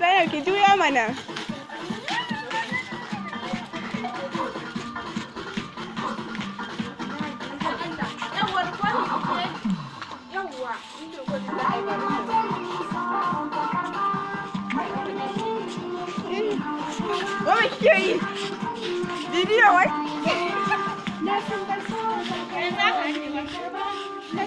咱俩去追阿曼啊！要玩，你就过去玩吧。嗯，我们去，弟弟要玩。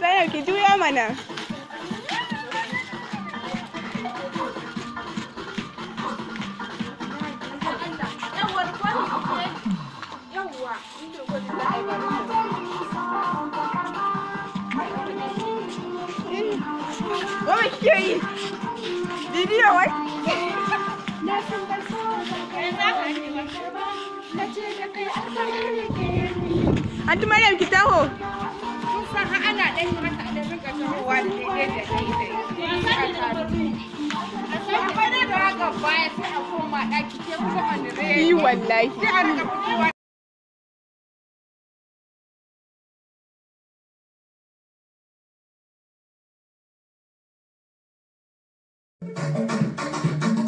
哎，你去哪嘛？要玩吗？要玩。我没事。弟弟要玩。an tuma da ki taho kun san har ana dan yi mata da rinka tahowa da daidai da baya sai a koma ɗaki ke kusa on the rail. Yi wallahi. Thank you.